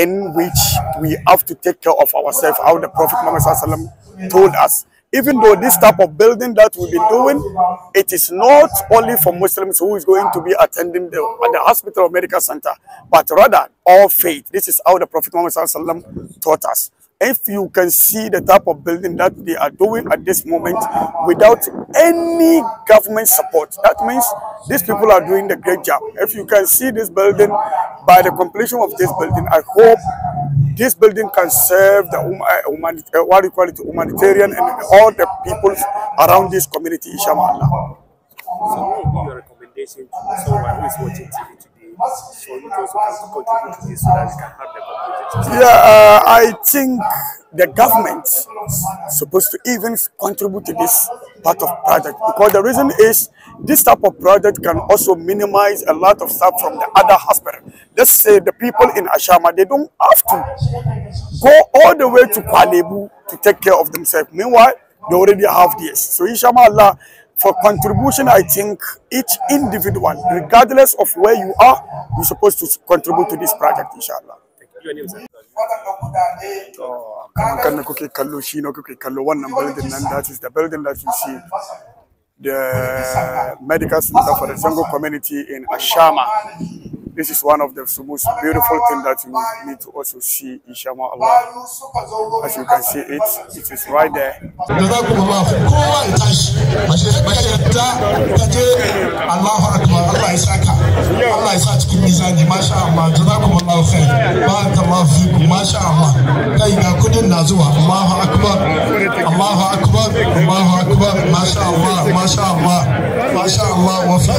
in which we have to take care of ourselves, how the Prophet Muhammad told us. Even though this type of building that we've been doing, it is not only for Muslims who is going to be attending the, at the hospital or medical center, but rather all faith. This is how the Prophet Muhammad taught us. If you can see the type of building that they are doing at this moment without any government support, that means these people are doing the great job. If you can see this building by the completion of this building, I hope this building can serve the um uh, what you call it, humanitarian and all the people around this community, inshallah. So what would be your recommendation to someone who is watching TV today so you also can contribute to this so that we can have the Yeah, uh, I think the government is supposed to even contribute to this part of project because the reason is this type of project can also minimize a lot of stuff from the other hospital. Let's say the people in Ashama, they don't have to go all the way to Palebu to take care of themselves. Meanwhile, they already have this. So inshallah, for contribution, I think each individual, regardless of where you are, you're supposed to contribute to this project, inshallah. Oh, I'm gonna kan kuke Kalu shi ne kuke kallo wannan building And that is the building that you see the medical center for the Zango community in Ashama. This is one of the most beautiful things that you need to also see in Shama Allah. As you can see it, it is right there. Allah Allah ya sa cikin mizani masha Allah khair masha Allah kai ga kudin na zuwa Allahu akbar Allahu akbar Allahu akbar masha Allah masha Allah masha Allah wa fi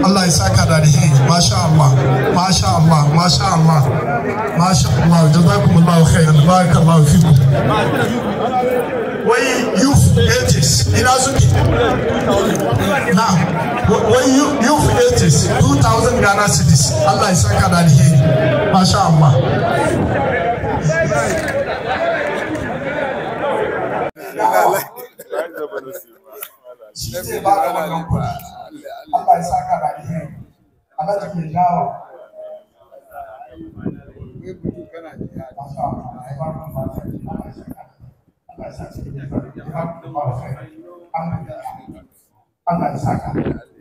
Allah ya saka da rihi masha Allah masha Allah masha Allah masha Allah khair wai youth ages now when you you youth 80s thousand ghana cities allah is saka da alheri masha allah Thank you. Pangan Saka. Pangan